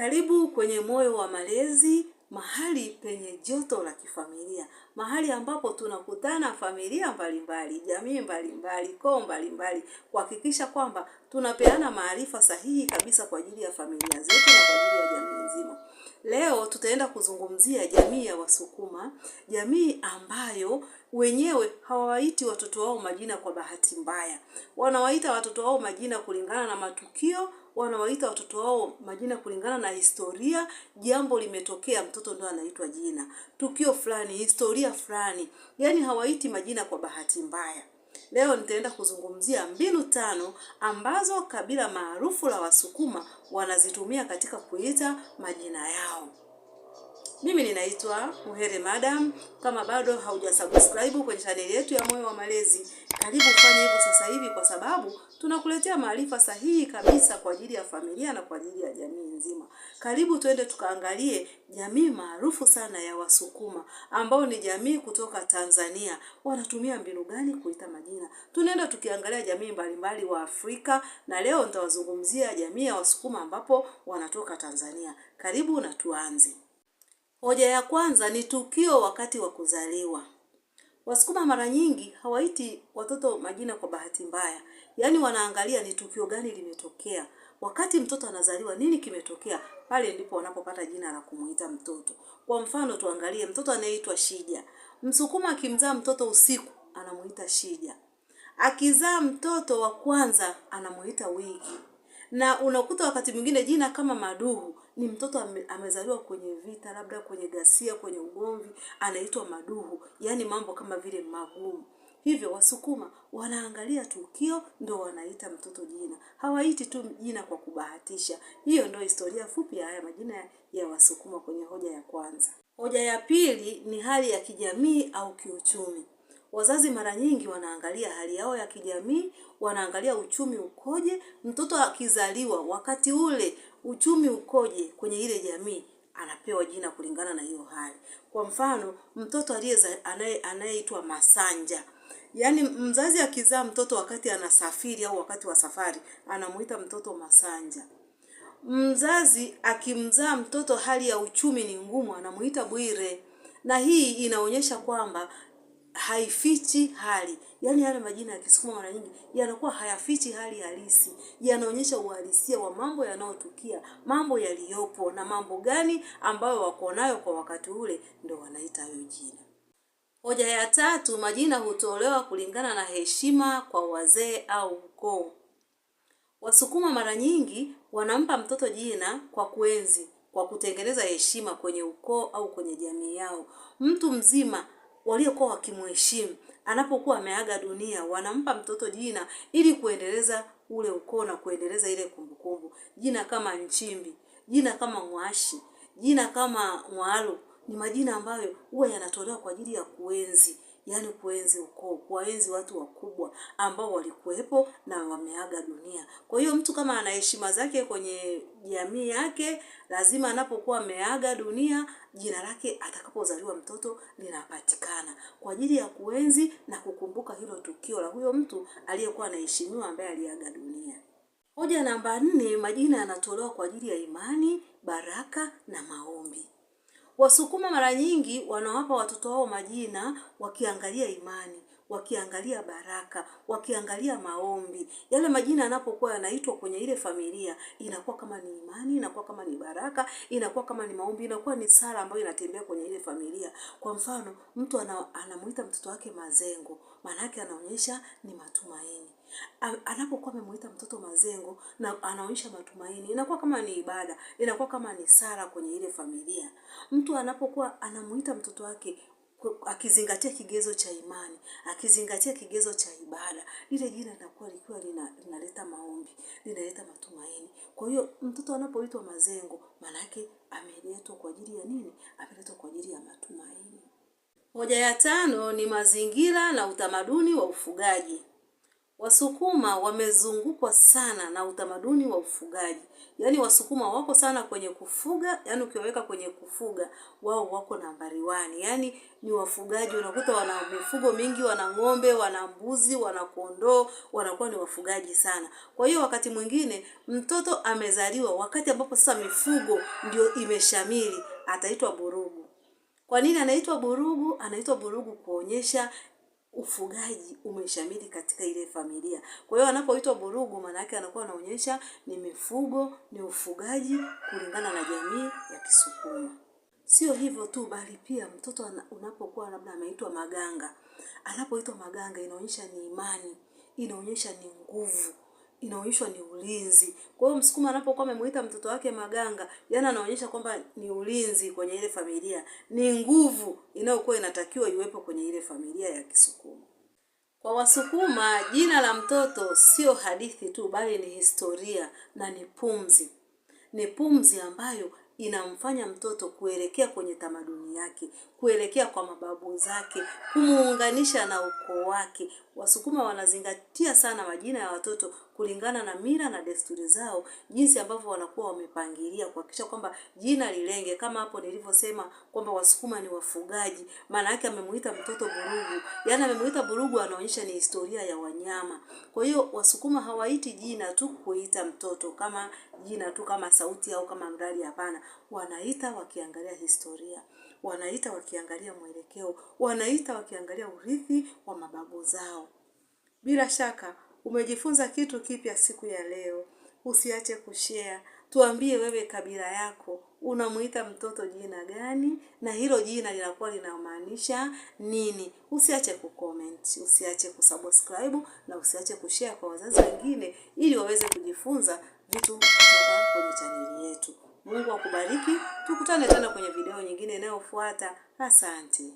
Karibu kwenye Moyo wa Malezi, mahali penye joto la kifamilia, mahali ambapo tunakutana familia mbalimbali, jamii mbalimbali, koo mbalimbali, kuhakikisha kwamba tunapeana maarifa sahihi kabisa kwa ajili ya familia zetu na kwa ajili ya jamii nzima. Leo tutaenda kuzungumzia jamii ya Wasukuma, jamii ambayo wenyewe hawawaiti watoto wao majina kwa bahati mbaya. Wanawaita watoto wao majina kulingana na matukio, wanawaita watoto wao majina kulingana na historia. Jambo limetokea, mtoto ndo anaitwa jina, tukio fulani, historia fulani, yaani hawaiti majina kwa bahati mbaya. Leo nitaenda kuzungumzia mbinu tano ambazo kabila maarufu la Wasukuma wanazitumia katika kuita majina yao. Mimi ninaitwa Muhere Madam. Kama bado haujasubscribe kwenye chaneli yetu ya Moyo wa Malezi, karibu fanye hivyo sasa hivi, kwa sababu tunakuletea maarifa sahihi kabisa kwa ajili ya familia na kwa ajili ya jamii nzima. Karibu tuende tukaangalie jamii maarufu sana ya Wasukuma ambao ni jamii kutoka Tanzania, wanatumia mbinu gani kuita majina. Tunaenda tukiangalia jamii mbalimbali wa Afrika, na leo nitawazungumzia jamii ya Wasukuma ambapo wanatoka Tanzania. Karibu na tuanze. Hoja ya kwanza ni tukio wakati wa kuzaliwa. Wasukuma mara nyingi hawaiti watoto majina kwa bahati mbaya, yaani wanaangalia ni tukio gani limetokea wakati mtoto anazaliwa, nini kimetokea pale, ndipo wanapopata jina la kumuita mtoto. Kwa mfano, tuangalie mtoto anayeitwa Shija. Msukuma akimzaa mtoto usiku anamuita Shija, akizaa mtoto wa kwanza anamuita Wigi, na unakuta wakati mwingine jina kama Maduhu ni mtoto amezaliwa kwenye vita, labda kwenye ghasia, kwenye ugomvi, anaitwa maduhu, yaani mambo kama vile magumu. Hivyo Wasukuma wanaangalia tukio ndo wanaita mtoto jina, hawaiti tu jina kwa kubahatisha. Hiyo ndo historia fupi ya haya majina ya Wasukuma kwenye hoja ya kwanza. Hoja ya pili ni hali ya kijamii au kiuchumi. Wazazi mara nyingi wanaangalia hali yao ya kijamii, wanaangalia uchumi ukoje. Mtoto akizaliwa wakati ule uchumi ukoje kwenye ile jamii, anapewa jina kulingana na hiyo hali. Kwa mfano, mtoto anayeitwa Masanja, yaani mzazi akizaa mtoto wakati anasafiri au wakati wa safari, anamuita mtoto Masanja. Mzazi akimzaa mtoto hali ya uchumi ni ngumu, anamuita Bwire, na hii inaonyesha kwamba haifichi hali. Yaani yale majina ya Kisukuma mara nyingi yanakuwa hayafichi hali halisi, yanaonyesha uhalisia wa mambo yanayotukia, mambo yaliyopo na mambo gani ambayo wako nayo kwa wakati ule, ndio wanaita hiyo jina. Hoja ya tatu, majina hutolewa kulingana na heshima kwa wazee au ukoo. Wasukuma mara nyingi wanampa mtoto jina kwa kuenzi, kwa kutengeneza heshima kwenye ukoo au kwenye jamii yao. Mtu mzima waliokuwa wakimheshimu. Anapokuwa ameaga dunia, wanampa mtoto jina ili kuendeleza ule ukoo na kuendeleza ile kumbukumbu. Jina kama Nchimbi, jina kama Mwashi, jina kama Mwalo ni majina ambayo huwa yanatolewa kwa ajili ya kuenzi yaani kuenzi ukoo, kuwaenzi watu wakubwa ambao walikuwepo na wameaga dunia. Kwa hiyo mtu kama ana heshima zake kwenye jamii yake, lazima anapokuwa ameaga dunia, jina lake atakapozaliwa mtoto linapatikana kwa ajili ya kuenzi na kukumbuka hilo tukio la huyo mtu aliyekuwa anaheshimiwa ambaye aliaga dunia. Hoja namba nne, majina yanatolewa kwa ajili ya imani, baraka na maombi. Wasukuma mara nyingi wanawapa watoto wao majina wakiangalia imani, wakiangalia baraka, wakiangalia maombi. Yale majina yanapokuwa yanaitwa kwenye ile familia, inakuwa kama ni imani, inakuwa kama ni baraka, inakuwa kama ni maombi, inakuwa ni sala ambayo inatembea kwenye ile familia. Kwa mfano, mtu anamuita mtoto wake Mazengo, maana yake anaonyesha ni matumaini anapokuwa amemuita mtoto mazengo na anaonyesha matumaini, inakuwa kama ni ibada, inakuwa kama ni sala kwenye ile familia. Mtu anapokuwa anamuita mtoto wake akizingatia kigezo cha imani, akizingatia kigezo cha ibada, lile jina linakuwa likiwa linaleta maombi, linaleta matumaini. Kwa hiyo mtoto anapoitwa Mazengo, maana yake ameletwa kwa ajili ya nini? Ameletwa kwa ajili ya matumaini. Moja ya tano ni mazingira na utamaduni wa ufugaji. Wasukuma wamezungukwa sana na utamaduni wa ufugaji. Yaani Wasukuma wako sana kwenye kufuga, yaani ukiwaweka kwenye kufuga, wao wako nambari wani. Yaani ni wafugaji, unakuta wana mifugo mingi, wana ng'ombe, wana mbuzi, wana kondoo, wanakuwa ni wafugaji sana. Kwa hiyo wakati mwingine mtoto amezaliwa wakati ambapo sasa mifugo ndio imeshamili, ataitwa burugu. Kwa nini anaitwa burugu? Anaitwa burugu kuonyesha ufugaji umeshamiri katika ile familia. Kwa hiyo anapoitwa Burugu, maana yake anakuwa anaonyesha ni mifugo, ni ufugaji kulingana na jamii ya Kisukuma. Sio hivyo tu, bali pia mtoto unapokuwa labda ameitwa Maganga, anapoitwa Maganga inaonyesha ni imani, inaonyesha ni nguvu inaonyeshwa ni ulinzi. Kwa hiyo Msukuma anapokuwa amemuita mtoto wake Maganga, yani anaonyesha kwamba ni ulinzi kwenye ile familia, ni nguvu inayokuwa inatakiwa iwepo kwenye ile familia ya Kisukuma. Kwa Wasukuma, jina la mtoto sio hadithi tu, bali ni historia na ni pumzi, ni pumzi ambayo inamfanya mtoto kuelekea kwenye tamaduni yake, kuelekea kwa mababu zake, kumuunganisha na ukoo wake. Wasukuma wanazingatia sana majina ya watoto kulingana na mila na desturi zao, jinsi ambavyo wanakuwa wamepangilia kuhakikisha kwamba jina lilenge. Kama hapo nilivyosema kwamba Wasukuma ni wafugaji, maana yake amemuita mtoto Burugu, yaani amemuita Burugu, anaonyesha ni historia ya wanyama. Kwa hiyo Wasukuma hawaiti jina tu kuita mtoto kama jina tu kama sauti au kama mradi, hapana, wanaita wakiangalia historia wanaita wakiangalia mwelekeo, wanaita wakiangalia urithi wa mababu zao. Bila shaka umejifunza kitu kipya siku ya leo. Usiache kushare, tuambie wewe kabila yako unamuita mtoto jina gani na hilo jina linakuwa linamaanisha nini. Usiache kucomment, usiache kusubscribe na usiache kushare kwa wazazi wengine, ili waweze kujifunza vitu kutoka kwenye chaneli yetu. Mungu akubariki, tukutane tena kwenye video nyingine inayofuata. Asante.